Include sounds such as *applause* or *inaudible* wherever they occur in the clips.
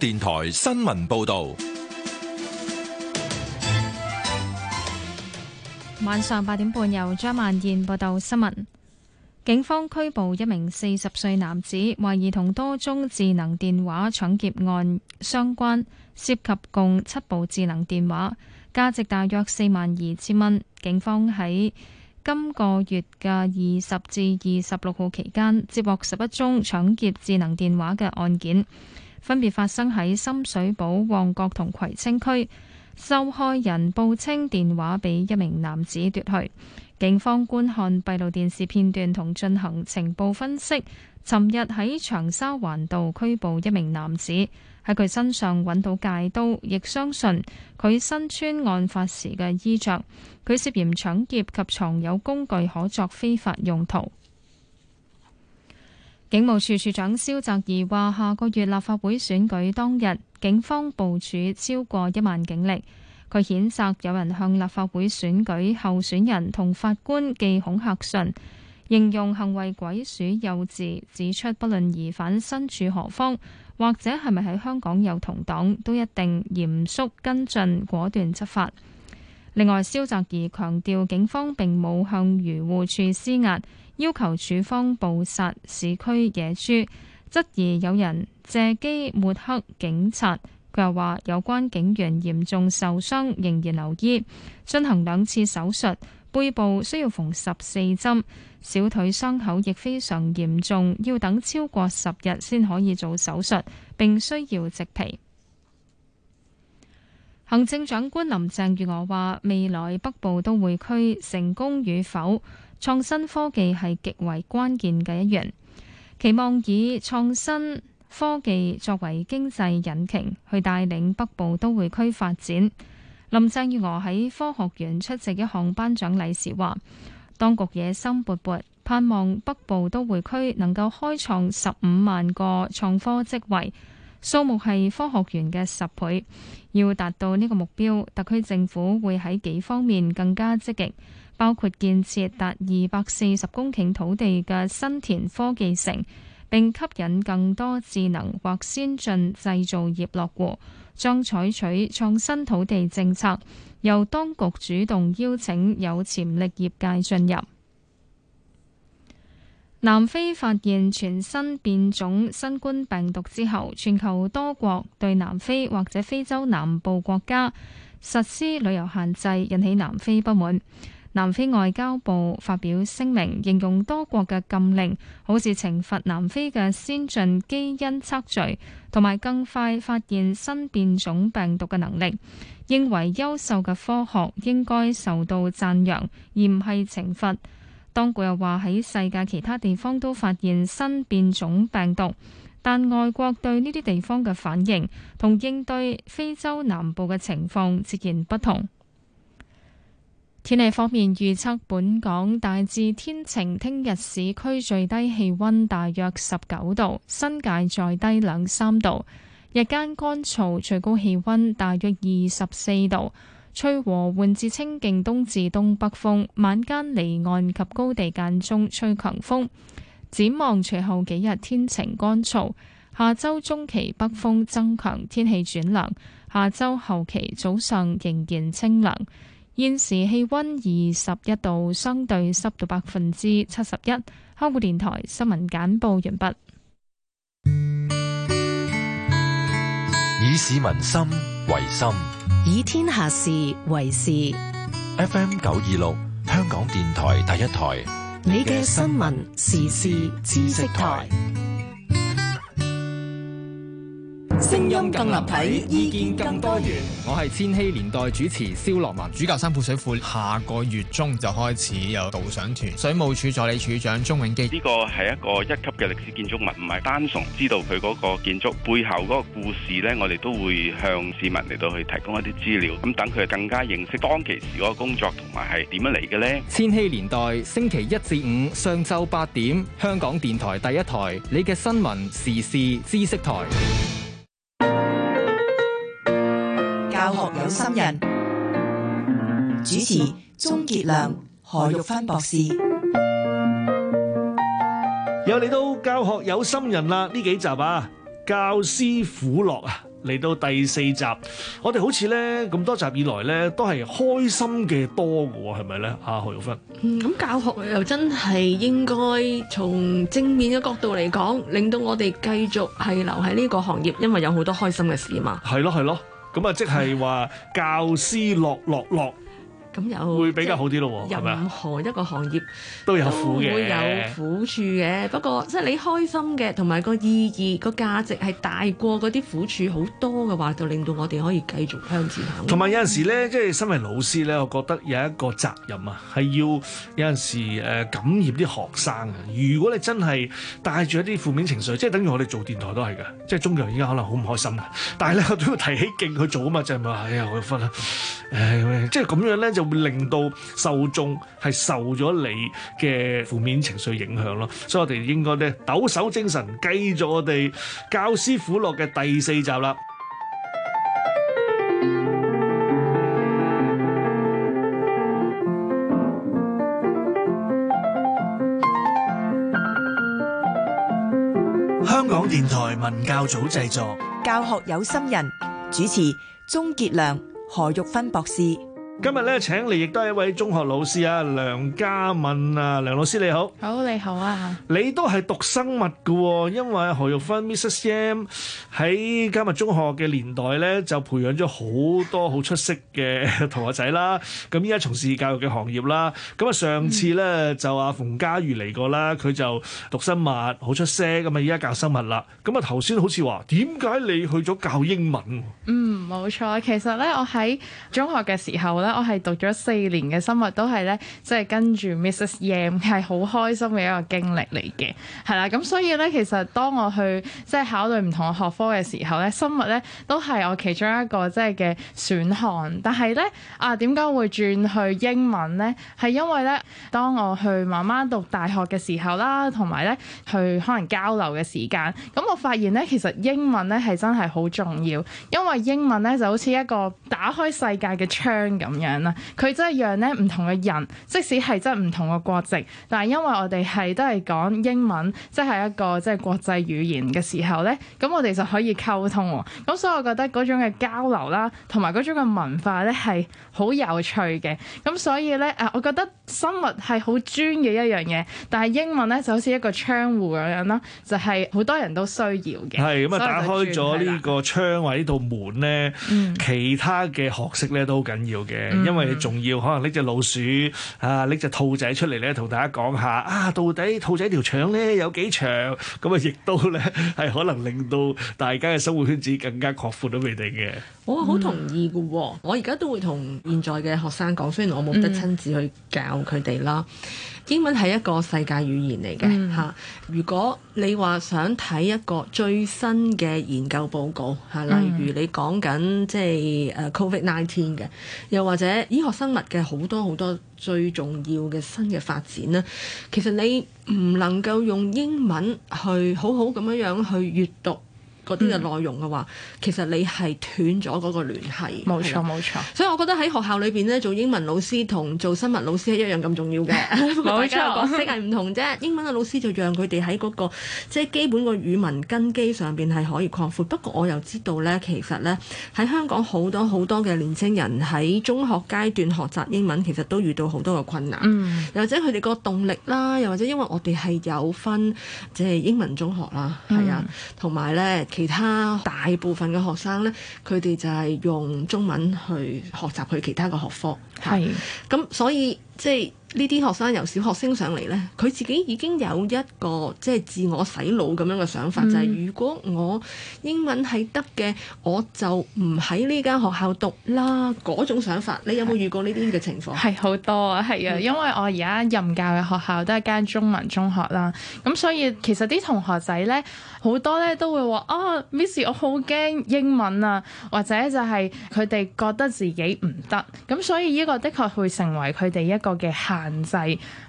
電台新聞報道，晚上八點半由張萬燕報道新聞。警方拘捕一名四十歲男子，懷疑同多宗智能電話搶劫案相關，涉及共七部智能電話，價值大約四萬二千蚊。警方喺今個月嘅二十至二十六號期間，接獲十一宗搶劫智能電話嘅案件。分別發生喺深水埗、旺角同葵青區，受害人報稱電話畀一名男子奪去。警方觀看閉路電視片段同進行情報分析。尋日喺長沙灣道拘捕一名男子，喺佢身上揾到戒刀，亦相信佢身穿案發時嘅衣着。佢涉嫌搶劫及藏有工具可作非法用途。警務處處長蕭澤頤話：下個月立法會選舉當日，警方部署超過一萬警力。佢譴責有人向立法會選舉候選人同法官寄恐嚇信，形容行為鬼鼠幼稚。指出不論疑犯身處何方，或者係咪喺香港有同黨，都一定嚴肅跟進、果斷執法。另外，蕭澤頤強調，警方並冇向漁護處施壓。要求處方捕殺市區野豬，質疑有人借機抹黑警察。佢又話：有關警員嚴重受傷，仍然留醫，進行兩次手術，背部需要縫十四針，小腿傷口亦非常嚴重，要等超過十日先可以做手術，並需要植皮。行政長官林鄭月娥話：未來北部都會區成功與否，創新科技係極為關鍵嘅一樣，期望以創新科技作為經濟引擎去帶領北部都會區發展。林鄭月娥喺科學園出席一項頒獎禮時話，當局野心勃勃，盼望北部都會區能夠開創十五萬個創科職位，數目係科學園嘅十倍。要達到呢個目標，特區政府會喺幾方面更加積極。包括建設達二百四十公頃土地嘅新田科技城，並吸引更多智能或先進製造業落戶。將採取創新土地政策，由當局主動邀請有潛力業界進入。南非發現全新變種新冠病毒之後，全球多國對南非或者非洲南部國家實施旅遊限制，引起南非不滿。南非外交部發表聲明，形容多國嘅禁令好似懲罰南非嘅先進基因測序同埋更快發現新變種病毒嘅能力，認為優秀嘅科學應該受到讚揚，而唔係懲罰。當局又話喺世界其他地方都發現新變種病毒，但外國對呢啲地方嘅反應同應對非洲南部嘅情況截然不同。天氣方面預測，本港大致天晴。聽日市區最低氣溫大約十九度，新界再低兩三度。日間乾燥，最高氣温大約二十四度，吹和緩至清勁東至東北風。晚間離岸及高地間中吹強風。展望隨後幾日天晴乾燥，下周中期北風增強，天氣轉涼。下周後期早上仍然清涼。現時氣溫二十一度，相對濕度百分之七十一。香港電台新聞簡報完畢。以市民心為心，以天下事為事。FM 九二六，香港電台第一台。你嘅新聞時事知識台。聲音更立體，意見更多元。我係千禧年代主持蕭樂文，主教山配水庫，下個月中就開始有導賞團。水務署助理署長鍾永基，呢個係一個一級嘅歷史建築物，唔係單純知道佢嗰個建築背後嗰個故事呢。我哋都會向市民嚟到去提供一啲資料，咁等佢更加認識當其時嗰個工作同埋係點樣嚟嘅呢。千禧年代星期一至五上晝八點，香港電台第一台，你嘅新聞時事知識台。心人主持鍾杰亮、何玉芬博士，有嚟到教學有心人啦！呢幾集啊，教師苦樂啊，嚟到第四集，我哋好似咧咁多集以來咧，都係開心嘅多喎，係咪咧？啊，何玉芬，嗯，咁教學又真係應該從正面嘅角度嚟講，令到我哋繼續係留喺呢個行業，因為有好多開心嘅事嘛。係咯，係咯。咁啊，即係話教師樂樂樂。咁又會比較好啲咯，任何一個行業吧都有苦嘅，會有苦處嘅。嗯、不過即係你開心嘅，同埋個意義、個價值係大過嗰啲苦處好多嘅話，就令到我哋可以繼續向前行。同埋有陣時咧，即係身為老師咧，我覺得有一個責任啊，係要有陣時誒感染啲學生啊。如果你真係帶住一啲負面情緒，即係等於我哋做電台都係㗎，即係中年人依家可能好唔開心嘅。但係咧，我都要提起勁去做啊嘛，就係、是、話哎呀我分誒、呃，即係咁樣咧就會令到受眾係受咗你嘅負面情緒影響咯，所以我哋應該咧抖擻精神，繼續我哋教師苦樂嘅第四集啦。香港電台文教組製作，教學有心人主持，鍾傑良、何玉芬博士。今日咧，請嚟亦都係一位中學老師啊，劉嘉敏啊，劉老師你好，好你好啊，你都係讀生物嘅、哦，因為何玉芬 Mrs M 喺迦密中學嘅年代咧，就培養咗好多好出色嘅同學仔啦。咁依家從事教育嘅行業啦。咁啊，上次咧就阿馮嘉瑜嚟過啦，佢就讀生物，好出色咁啊，依家教生物啦。咁啊，頭先好似話，點解你去咗教英文？嗯，冇錯，其實咧，我喺中學嘅時候咧。我係讀咗四年嘅生物，都係咧即係跟住 Mrs. Yam 係好開心嘅一個經歷嚟嘅，係啦，咁所以咧其實當我去即係考慮唔同學科嘅時候咧，生物咧都係我其中一個即係嘅選項，但係咧啊點解會轉去英文咧？係因為咧當我去慢慢讀大學嘅時候啦，同埋咧去可能交流嘅時間，咁我發現咧其實英文咧係真係好重要，因為英文咧就好似一個打開世界嘅窗咁。樣啦，佢真係讓咧唔同嘅人，即使係真係唔同嘅國籍，但係因為我哋係都係講英文，即係一個即係國際語言嘅時候咧，咁我哋就可以溝通。咁所以我覺得嗰種嘅交流啦，同埋嗰種嘅文化咧係好有趣嘅。咁所以咧，誒，我覺得生物係好專嘅一樣嘢，但係英文咧就好似一個窗戶咁樣啦，就係好多人都需要嘅。係咁啊！就打開咗呢個窗或呢道門咧，的其他嘅學識咧都好緊要嘅。因為仲要可能拎隻老鼠啊，拎隻兔仔出嚟咧，同大家講下啊，到底兔仔條腸咧有幾長？咁啊，亦都咧係可能令到大家嘅生活圈子更加擴闊都未定嘅。嗯哦哦。我好同意㗎，我而家都會同現在嘅學生講，雖然我冇得親自去教佢哋啦。嗯英文係一個世界語言嚟嘅嚇。嗯、如果你話想睇一個最新嘅研究報告，嚇、嗯，例如你講緊即係、就是、COVID-19 嘅，又或者醫學生物嘅好多好多最重要嘅新嘅發展咧，其實你唔能夠用英文去好好咁樣樣去閱讀。嗰啲嘅內容嘅話，嗯、其實你係斷咗嗰個聯繫。冇錯，冇錯。所以我覺得喺學校裏邊咧，做英文老師同做新聞老師係一樣咁重要嘅。冇錯 *laughs* *laughs* 角色係唔同啫， *laughs* 英文嘅老師就讓佢哋喺嗰個即係、就是、基本個語文根基上邊係可以擴闊。不過我又知道咧，其實咧喺香港好多好多嘅年輕人喺中學階段學習英文，其實都遇到好多嘅困難。又、嗯、或者佢哋個動力啦，又或者因為我哋係有分即係英文中學啦，係啊，同埋咧。其他大部分嘅學生呢，佢哋就係用中文去學習佢其他嘅學科，係咁是，所以即係。呢啲學生由小學升上嚟呢，佢自己已經有一個即係自我洗腦咁樣嘅想法，嗯、就係、是、如果我英文係得嘅，我就唔喺呢間學校讀啦。嗰種想法，你有冇遇過呢啲嘅情況？係好多啊，係啊，因為我而家任教嘅學校都係間中文中學啦。咁所以其實啲同學仔呢，好多呢都會話啊 Miss 我好驚英文啊，或者就係佢哋覺得自己唔得。咁所以呢個的確會成為佢哋一個嘅限制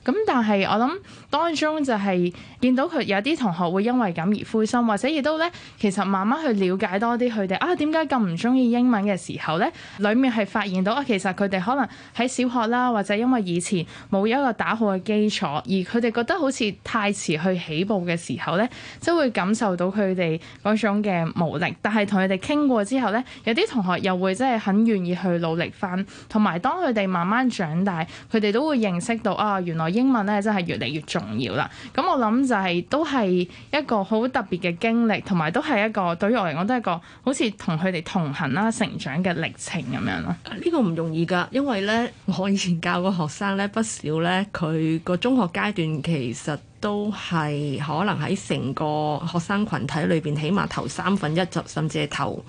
咁，但係我諗當中就係、是。見到佢有啲同學會因為咁而灰心，或者亦都咧，其實慢慢去了解多啲佢哋啊，點解咁唔中意英文嘅時候咧，裡面係發現到啊，其實佢哋可能喺小學啦，或者因為以前冇一個打好嘅基礎，而佢哋覺得好似太遲去起步嘅時候咧，就會感受到佢哋嗰種嘅無力。但係同佢哋傾過之後咧，有啲同學又會真係很願意去努力返，同埋當佢哋慢慢長大，佢哋都會認識到啊，原來英文咧真係越嚟越重要啦。咁我諗。就係、是、都係一個好特別嘅經歷，同埋都係一個對於我嚟講都係一個好似同佢哋同行啦、成長嘅歷程咁樣咯。呢、啊呢個唔容易㗎，因為呢，我以前教過學生呢不少呢，佢個中學階段其實都係可能喺成個學生群體裏邊，起碼頭三分一就甚至係頭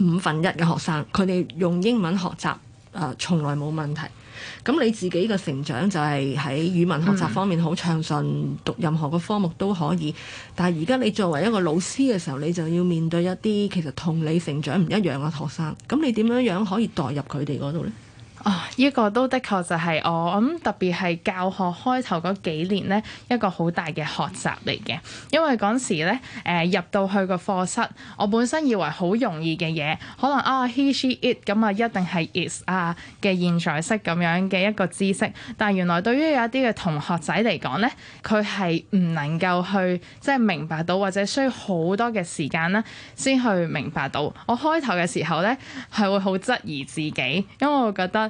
五分一嘅學生，佢哋用英文學習誒、啊、從來冇問題。咁你自己嘅成長就係喺語文學習方面好暢順，嗯、讀任何個科目都可以。但係而家你作為一個老師嘅時候，你就要面對一啲其實同你成長唔一樣嘅學生。咁你點樣樣可以代入佢哋嗰度呢？哦，呢、oh, 個都的確就係我，我諗特別係教學開頭幾年咧，一個好大嘅學習嚟嘅。因為陣時咧，誒、呃、入到去個課室，我本身以為好容易嘅嘢，可能啊 he she it 咁、嗯、啊，一定係 is 啊嘅現在式咁樣嘅一個知識，但係原來對於有一啲嘅同學仔嚟講咧，佢係唔能夠去即係明白到，或者需要好多嘅時間啦，先去明白到。我開頭嘅時候咧，係會好質疑自己，因為我覺得。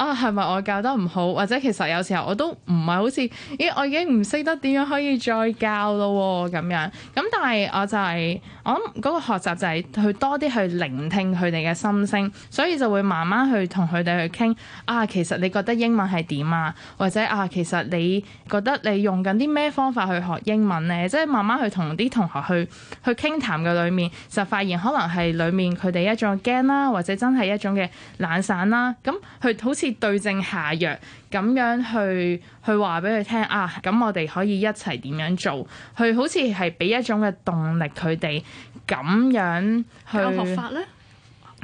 啊，係咪我教得唔好，或者其實有時候我都唔係好似，咦，我已經唔識得點樣可以再教咯咁、哦、樣，咁但係我就係、是、我諗嗰個學習就係去多啲去聆聽佢哋嘅心聲，所以就會慢慢去同佢哋去傾啊，其實你覺得英文係點啊？或者啊，其實你覺得你用緊啲咩方法去學英文咧？即係慢慢去同啲同學去去傾談嘅裏面，就發現可能係裏面佢哋一種驚啦，或者真係一種嘅懶散啦。咁、嗯、佢好似～對症下藥，咁樣去去話俾佢聽啊！咁我哋可以一齊點樣做？佢好似係俾一種嘅動力，佢哋咁樣去。教學法咧，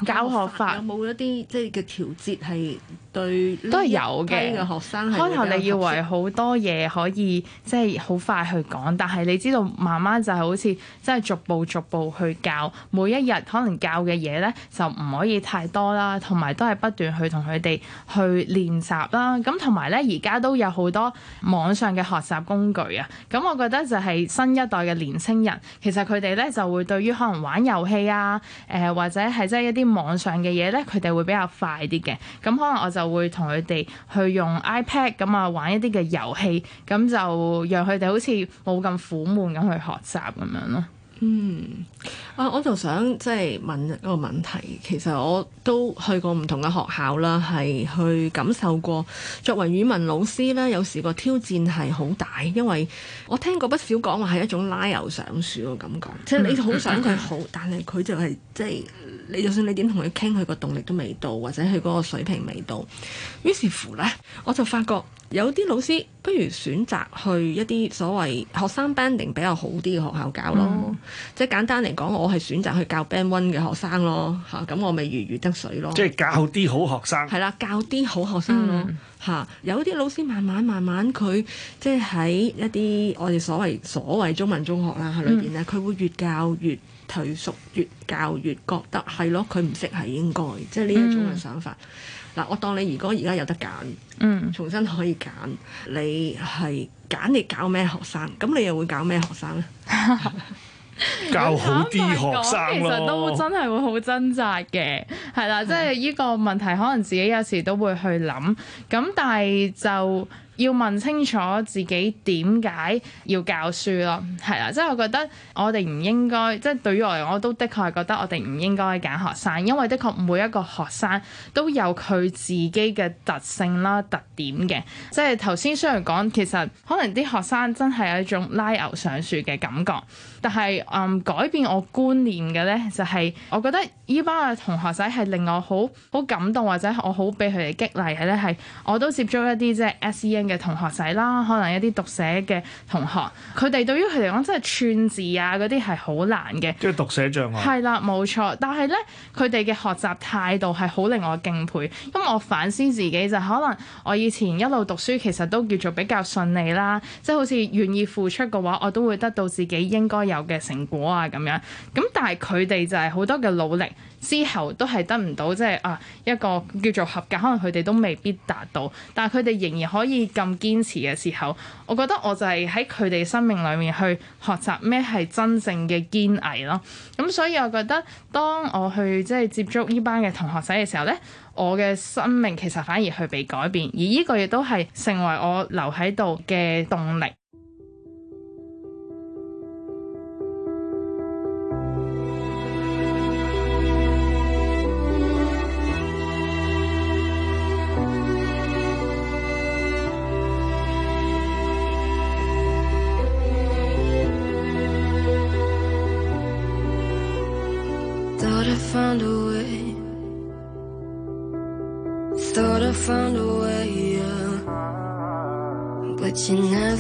教學法，教學法有冇一啲即係嘅調節係？就是對，都係有嘅。學生開頭你以為好多嘢可以即係好快去講，但係你知道慢慢就係好似即係逐步逐步去教。每一日可能教嘅嘢咧就唔可以太多啦，同埋都係不斷去同佢哋去練習啦。咁同埋咧，而家都，都有好多網上嘅學習工具啊。咁我覺得就係新一代嘅年青人，其實佢哋咧就會對於可能玩遊戲啊，誒、呃、或者係即係一啲網上嘅嘢咧，佢哋會比較快啲嘅。咁可能我就。會同佢哋去用 iPad 咁啊，玩一啲嘅遊戲，咁就讓佢哋好似冇咁苦悶咁去學習咁樣咯。嗯，啊，我就想即係問一個問題。其實我都去過唔同嘅學校啦，係去感受過。作為語文老師呢，有時個挑戰係好大，因為我聽過不少講話係一種拉牛上樹嘅感覺，即係你好想佢好， *laughs* 但係佢就係即係你，就算你點同佢傾，佢個動力都未到，或者佢嗰個水平未到。於是乎呢，我就發覺。有啲老師不如選擇去一啲所謂學生 banding 比較好啲嘅學校教咯，嗯、即係簡單嚟講，我係選擇去教 band one 嘅學生咯，嚇咁我咪如魚得水咯。即係教啲好學生。係啦，教啲好學生咯，嚇、嗯嗯、有啲老師慢慢慢慢佢即係喺一啲我哋所謂所謂中文中學啦裏邊咧，佢、嗯、會越教越退縮，越教越覺得係咯，佢唔識係應該，即係呢一種嘅想法。嗯嗱，我當你如果而家有得揀，重新可以揀，你係揀你搞咩學生，咁你又會搞咩學生咧？ *laughs* 教好啲學生 *laughs* 其實都真係會好掙扎嘅，係啦，即係呢個問題，可能自己有時都會去諗，咁但係就。要問清楚自己點解要教書咯，係啦，即係我覺得我哋唔應該，即係對於我嚟，我都的確係覺得我哋唔應該揀學生，因為的確每一個學生都有佢自己嘅特性啦、特點嘅。即係頭先雖然講其實可能啲學生真係有一種拉牛上樹嘅感覺，但係嗯，改變我觀念嘅咧就係、是、我覺得依班嘅同學仔係令我好好感動，或者我好俾佢哋激勵嘅咧，係我都接觸一啲即係，S.E.N. 嘅同學仔啦，可能一啲讀寫嘅同學，佢哋對於佢嚟講真係串字啊嗰啲係好難嘅，即係讀寫障礙。係啦，冇錯。但係咧，佢哋嘅學習態度係好令我敬佩。咁我反思自己就可能我以前一路讀書其實都叫做比較順利啦，即係好似願意付出嘅話，我都會得到自己應該有嘅成果啊咁樣。咁但係佢哋就係好多嘅努力。之後都係得唔到，即係啊一個叫做合格，可能佢哋都未必達到，但係佢哋仍然可以咁堅持嘅時候，我覺得我就係喺佢哋生命裡面去學習咩係真正嘅堅毅咯。咁、嗯、所以，我覺得當我去即係接觸呢班嘅同學仔嘅時候咧，我嘅生命其實反而去被改變，而呢個亦都係成為我留喺度嘅動力。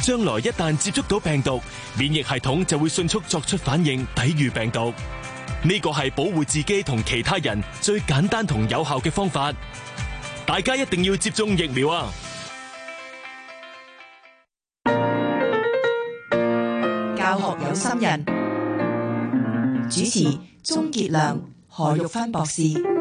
將來一旦接觸到病毒，免疫系統就會迅速作出反應，抵禦病毒。呢個係保護自己同其他人最簡單同有效嘅方法。大家一定要接種疫苗啊！教學有心人，主持鍾傑良、何玉芬博士。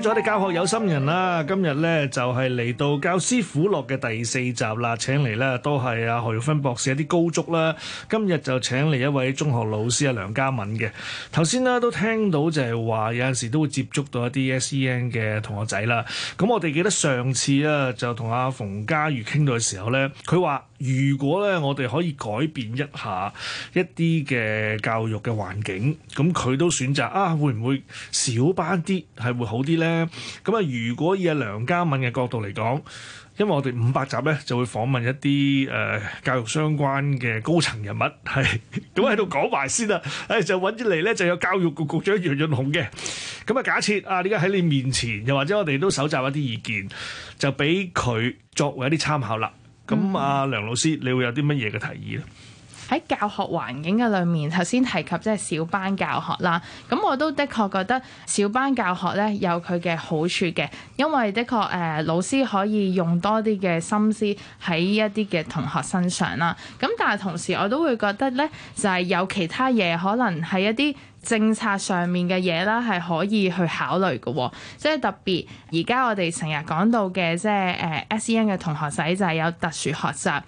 咗啲教學有心人啦！今日咧就係嚟到教師苦樂嘅第四集啦，請嚟咧都係啊何玉芬博士一啲高足啦。今日就請嚟一位中學老師啊梁嘉敏嘅。頭先咧都聽到就係話，有陣時都會接觸到一啲 SEN 嘅同學仔啦。咁我哋記得上次啊，就同阿馮嘉瑜傾到嘅時候咧，佢話如果咧我哋可以改變一下一啲嘅教育嘅環境，咁佢都選擇啊，會唔會小班啲係會好啲咧？咧咁啊！嗯、如果以阿梁家敏嘅角度嚟講，因為我哋五百集咧就會訪問一啲誒、呃、教育相關嘅高層人物，係咁喺度講埋先啦。誒、哎，就揾咗嚟咧，就有教育局局長楊潤雄嘅。咁、嗯、啊，假設啊，而家喺你面前，又或者我哋都搜集一啲意見，就俾佢作為一啲參考啦。咁、嗯、啊，梁老師，你會有啲乜嘢嘅提議咧？喺教學環境嘅裏面，頭先提及即係小班教學啦。咁我都的確覺得小班教學咧有佢嘅好處嘅，因為的確誒、呃、老師可以用多啲嘅心思喺一啲嘅同學身上啦。咁但係同時我都會覺得咧就係、是、有其他嘢可能係一啲政策上面嘅嘢啦，係可以去考慮嘅。即係特別而家我哋成日講到嘅即係誒 SEN 嘅同學仔就係、是、有特殊學習，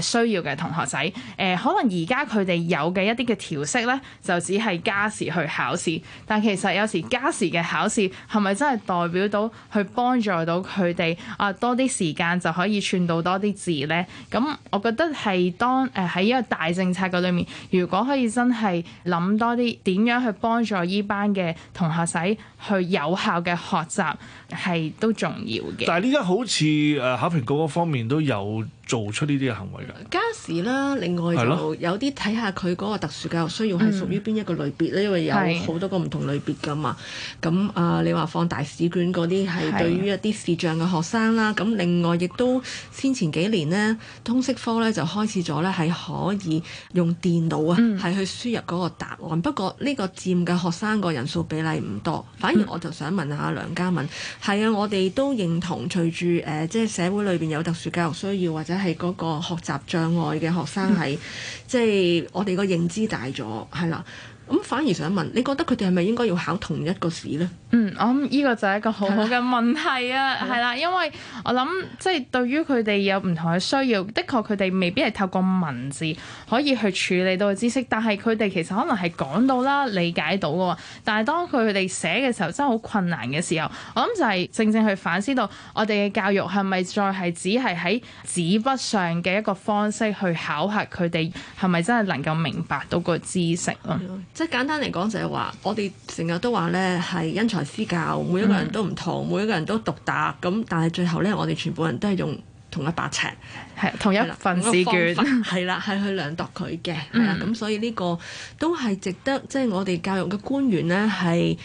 誒需要嘅同學仔，誒、呃、可能而家佢哋有嘅一啲嘅調適咧，就只係加時去考試，但其實有時加時嘅考試係咪真係代表到去幫助到佢哋啊？多啲時間就可以串到多啲字咧？咁、嗯、我覺得係當誒喺、呃、一個大政策嘅裏面，如果可以真係諗多啲點樣去幫助呢班嘅同學仔。去有效嘅學習，係都重要嘅。但係呢家好似誒、呃、考評局嗰方面都有做出呢啲嘅行為，㗎、嗯。加時啦，另外就有啲睇下佢嗰個特殊教育需要係屬於邊一個類別咧，嗯、因為有好多個唔同類別噶嘛。咁啊、呃，你話放大試卷嗰啲係對於一啲視障嘅學生啦。咁的另外亦都先前幾年咧，通識科咧就開始咗咧係可以用電腦啊，係去輸入嗰個答案。嗯、不過呢個佔嘅學生個人數比例唔多，反。我就想問下劉嘉敏，係啊，我哋都認同隨住誒、呃，即係社會裏邊有特殊教育需要或者係嗰個學習障礙嘅學生，係 *laughs* 即係我哋個認知大咗，係啦。咁反而想問，你覺得佢哋係咪應該要考同一個試呢？嗯，我諗呢個就係一個好好嘅問題啊，係啦的，因為我諗即係對於佢哋有唔同嘅需要，的確佢哋未必係透過文字可以去處理到嘅知識，但係佢哋其實可能係講到啦，理解到嘅喎。但係當佢哋寫嘅時候，真係好困難嘅時候，我諗就係正正去反思到我哋嘅教育係咪再係只係喺紙筆上嘅一個方式去考核佢哋係咪真係能夠明白到個知識咯？即係簡單嚟講就係話，我哋成日都話咧係因材施教，每一個人都唔同，嗯、每一個人都獨特。咁但係最後咧，我哋全部人都係用同一把尺，係同一份試卷，係啦，係去量度佢嘅。咁、嗯、所以呢個都係值得，即係我哋教育嘅官員咧係。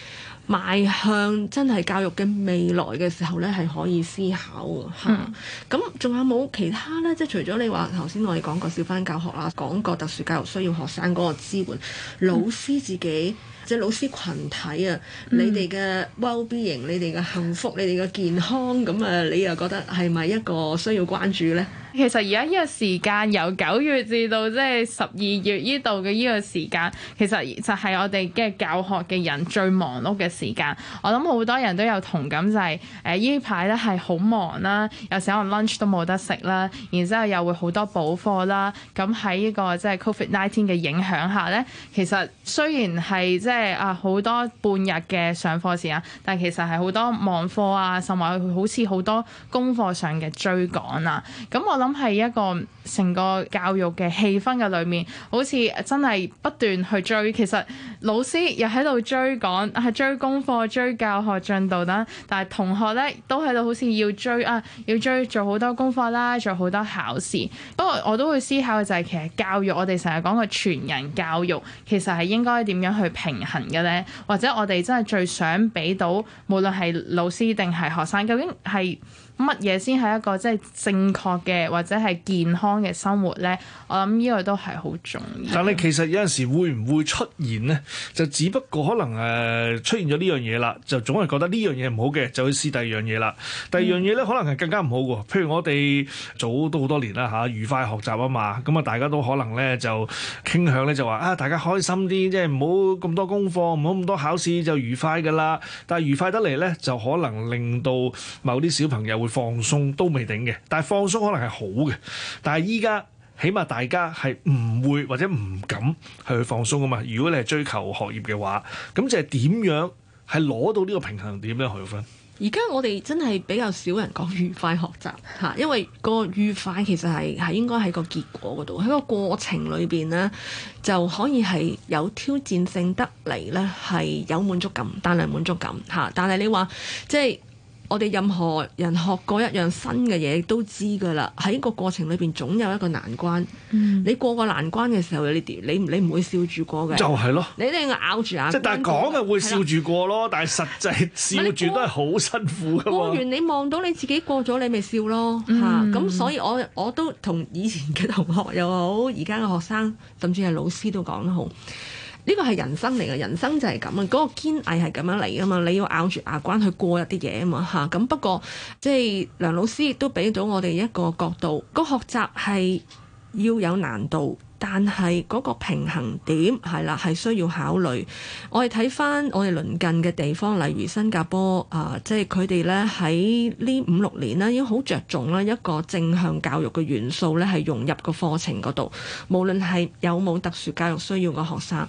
邁向真係教育嘅未來嘅時候呢，係可以思考㗎嚇。咁仲有冇其他呢？即係除咗你話頭先我哋講過小班教學啦，講過特殊教育需要學生嗰個支援，嗯、老師自己即係老師群體啊，嗯、你哋嘅 wellbeing，你哋嘅幸福，嗯、你哋嘅健康，咁啊，你又覺得係咪一個需要關注呢？其實而家呢個時間由九月至到即係十二月呢度嘅呢個時間，其實就係我哋嘅教學嘅人最忙碌嘅時間。我諗好多人都有同感，就係，就係誒呢排咧係好忙啦，有時候 lunch 都冇得食啦，然之後又會好多補課啦。咁喺呢個即係 COVID-19 嘅影響下咧，其實雖然係即係啊好多半日嘅上課時間，但其實係好多網課啊，甚至好似好多功課上嘅追趕啊。咁我諗。咁係一個成個教育嘅氣氛嘅裏面，好似真係不斷去追。其實老師又喺度追趕，係、啊、追功課、追教學進度啦。但係同學咧都喺度好似要追啊，要追做好多功課啦，做好多考試。不過我都會思考嘅就係，其實教育我哋成日講嘅全人教育，其實係應該點樣去平衡嘅咧？或者我哋真係最想俾到，無論係老師定係學生，究竟係？乜嘢先係一個即係正確嘅或者係健康嘅生活咧？我諗呢個都係好重要。但係其實有陣時會唔會出現咧？就只不過可能誒出現咗呢樣嘢啦，就總係覺得呢樣嘢唔好嘅，就去試第二樣嘢啦。第二樣嘢咧可能係更加唔好喎。譬如我哋早都好多年啦吓、啊、愉快學習啊嘛，咁啊大家都可能咧就傾向咧就話啊大家開心啲，即係唔好咁多功課唔好咁多考試就愉快噶啦。但係愉快得嚟咧，就可能令到某啲小朋友會。放鬆都未定嘅，但係放鬆可能係好嘅，但係依家起碼大家係唔會或者唔敢去放鬆啊嘛。如果你係追求學業嘅話，咁就係點樣係攞到呢個平衡點？點樣去分？而家我哋真係比較少人講愉快學習吓，因為個愉快其實係係應該喺個結果嗰度，喺個過程裏邊呢，就可以係有挑戰性得嚟呢係有滿足感，大量滿足感吓。但係你話即係。就是我哋任何人學過一樣新嘅嘢都知噶啦，喺個過程裏邊總有一個難關。嗯、你過個難關嘅時候，你你唔會笑住過嘅。就係咯，你一定咬住眼。但係講係會笑住過咯，的但係實際笑住都係好辛苦噶、啊。過完你望到你自己過咗，你咪笑咯嚇。咁、嗯、所以我我都同以前嘅同學又好，而家嘅學生甚至係老師都講得好。呢個係人生嚟嘅，人生就係咁啊！嗰、嗰個堅毅係咁樣嚟㗎嘛，你要咬住牙關去過一啲嘢啊嘛嚇！咁不過即係、即係、梁老師亦都俾到我哋一個角度，個學習係。要有難度，但係嗰個平衡點係啦，係需要考慮。我哋睇翻我哋鄰近嘅地方，例如新加坡啊，即係佢哋咧喺呢五六年咧，已經好着重啦一個正向教育嘅元素咧，係融入個課程嗰度，無論係有冇特殊教育需要個學生，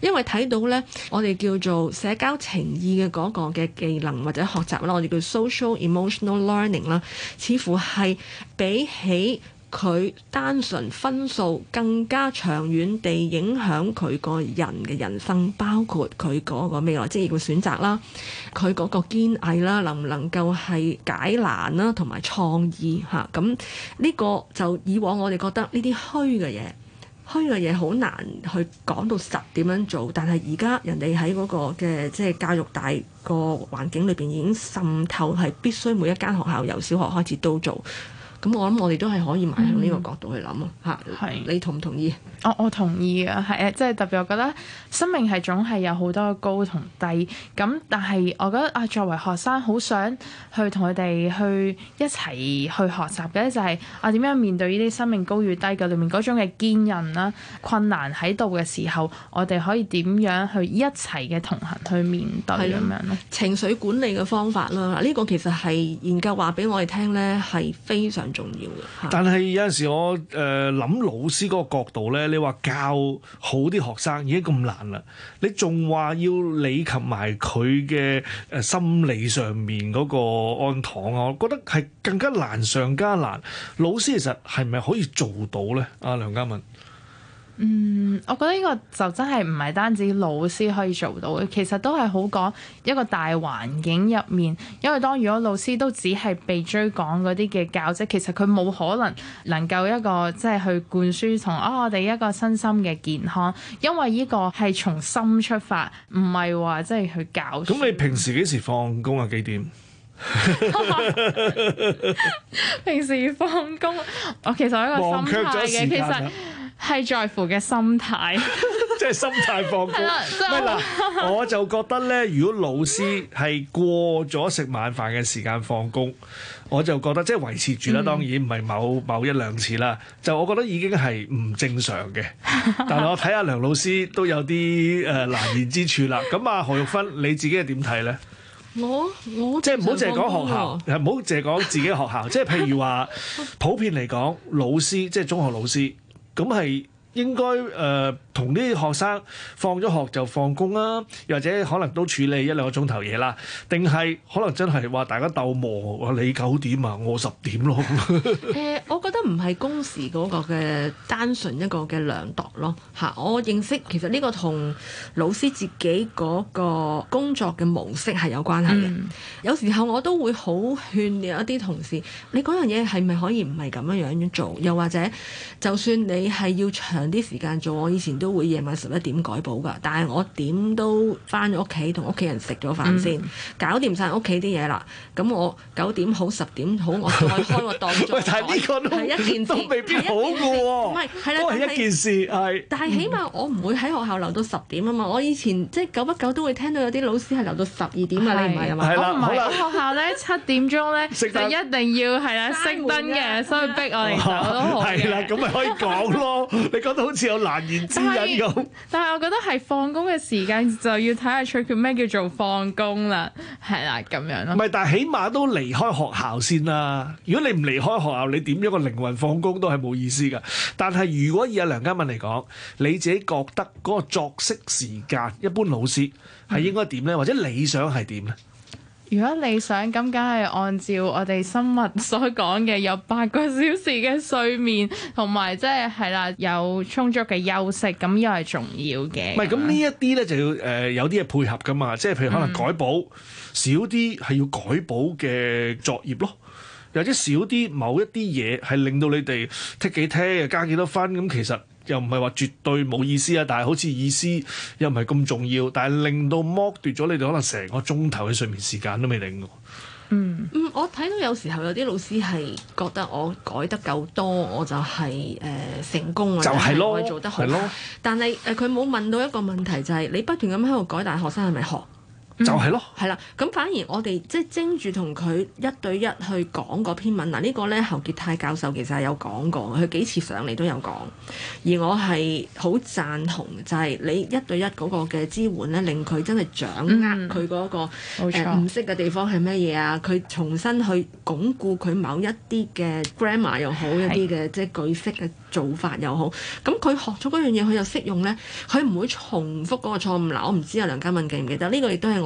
因為睇到咧，我哋叫做社交情意嘅嗰個嘅技能或者學習啦，我哋叫 social emotional learning 啦，似乎係比起佢單純分數更加長遠地影響佢個人嘅人生，包括佢嗰個未來職業嘅選擇啦，佢嗰個堅毅啦，能唔能夠係解難啦，同埋創意嚇，咁呢個就以往我哋覺得呢啲虛嘅嘢，虛嘅嘢好難去講到實點樣做，但係而家人哋喺嗰個嘅即係教育大個環境裏邊已經滲透，係必須每一間學校由小學開始都做。咁我諗我哋都係可以埋向呢個角度去諗咯，吓、嗯，嗯、你同唔同意？我我同意啊，係啊，即係特別我覺得生命係總係有好多高同低，咁但係我覺得啊，作為學生好想去同佢哋去一齊去學習嘅就係啊，點樣面對呢啲生命高與低嘅裏面嗰種嘅堅韌啦、困難喺度嘅時候，我哋可以點樣去一齊嘅同行去面對咁樣咧？情緒管理嘅方法啦，呢、這個其實係研究話俾我哋聽咧，係非常。重要嘅，但係有陣時我誒諗老師嗰個角度咧，你話教好啲學生已經咁難啦，你仲話要理及埋佢嘅誒心理上面嗰個安堂，啊，我覺得係更加難上加難。老師其實係咪可以做到咧？阿劉嘉敏。嗯，我覺得呢個就真係唔係單止老師可以做到嘅，其實都係好講一個大環境入面。因為當如果老師都只係被追趕嗰啲嘅教職，其實佢冇可能能夠一個即係去灌輸從啊、哦、我哋一個身心嘅健康，因為呢個係從心出發，唔係話即係去教。咁你平時幾時放工啊？幾點？ *laughs* *laughs* 平時放工，我其實我一個心態嘅，其實。係在乎嘅心態， *laughs* *laughs* 即係心態放工。咪嗱 *laughs* 我就覺得咧，如果老師係過咗食晚飯嘅時間放工，我就覺得即係維持住啦。當然唔係某某一兩次啦，就我覺得已經係唔正常嘅。但係我睇下梁老師都有啲誒難言之處啦。咁啊，何玉芬，你自己係點睇咧？我我即係唔好淨係講學校，唔好淨係講自己嘅學校。 *laughs* 即係譬如話，普遍嚟講，老師即係中學老師。咁係應該誒？呃同啲學生放咗學就放工啦、啊，又或者可能都處理一兩個鐘頭嘢啦。定係可能真係話大家鬥磨，你九點啊，我十點咯。誒、 *laughs* 呃，我覺得唔係工時嗰個嘅單純一個嘅量度咯。吓、啊，我認識其實呢個同老師自己嗰個工作嘅模式係有關係嘅。嗯、有時候我都會好勸你一啲同事，你樣嘢係咪可以唔係咁樣樣樣做？又或者就算你係要長啲時間做，我以前都～都會夜晚十一點改補噶，但係我點都翻咗屋企，同屋企人食咗飯先，搞掂晒屋企啲嘢啦。咁我九點好十點好，我再開我檔再講。係呢個都一年都未必補㗎喎，唔係係啦，一件事係。但係起碼我唔會喺學校留到十點啊嘛。我以前即係久不久都會聽到有啲老師係留到十二點啊，你唔係啊嘛？係啦，我學校咧七點鐘咧就一定要係啦熄燈嘅，所以逼我哋走都好嘅。係啦，咁咪可以講咯。你覺得好似有難言之。但係我覺得係放工嘅時間就要睇下取決咩叫做放工啦，係啦咁樣咯。唔係，但係起碼都離開學校先啦。如果你唔離開學校，你點樣個靈魂放工都係冇意思嘅。但係如果以阿梁嘉敏嚟講，你自己覺得嗰個作息時間，一般老師係應該點呢？嗯、或者理想係點呢？如果你想咁，梗係按照我哋生物所講嘅，有八個小時嘅睡眠，同埋即係係啦，有充足嘅休息，咁又係重要嘅。唔係咁呢一啲咧，就要誒、呃、有啲嘢配合㗎嘛，即係譬如可能改補、嗯、少啲，係要改補嘅作業咯，有啲少啲某一啲嘢係令到你哋 tick 幾 tick 又加幾多分咁，其實。又唔係話絕對冇意思啊，但係好似意思又唔係咁重要，但係令到剝奪咗你哋可能成個鐘頭嘅睡眠時間都未定嘅。嗯嗯，我睇到有時候有啲老師係覺得我改得夠多，我就係、是、誒、呃、成功啦，我就做得好。咯咯，但係誒佢冇問到一個問題，就係、是、你不斷咁喺度改，但係學生係咪學？就係咯，係啦，咁反而我哋即係精住同佢一對一去講嗰篇文，嗱、這個、呢個咧，侯傑泰教授其實係有講過，佢幾次上嚟都有講，而我係好贊同，就係、是、你一對一嗰個嘅支援咧，令佢真係掌握佢嗰、那個誒唔識嘅地方係乜嘢啊，佢重新去鞏固佢某一啲嘅 grammar 又好是一啲嘅即係句式嘅做法又好，咁、嗯、佢學咗樣嘢，佢又識用咧，佢唔會重複嗰個錯誤。嗱、呃，我唔知阿梁嘉敏記唔記得呢、這個亦都係。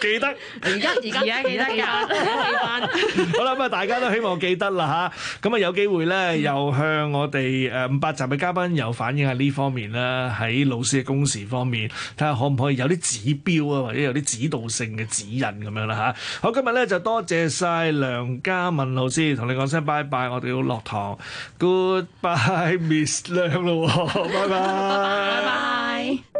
記得而家而家而家記得㗎， *laughs* 而家而家記翻好啦。咁啊，大家都希望記得啦吓，咁啊，有機會咧，又向我哋誒五百集嘅嘉賓，又反映下呢方面啦。喺老師嘅工時方面，睇下可唔可以有啲指標啊，或者有啲指導性嘅指引咁樣啦吓，好，今日咧就多謝晒梁嘉文老師，同你講聲拜拜，我哋要落堂，goodbye，Miss 梁啦，拜拜。bye bye *laughs* 拜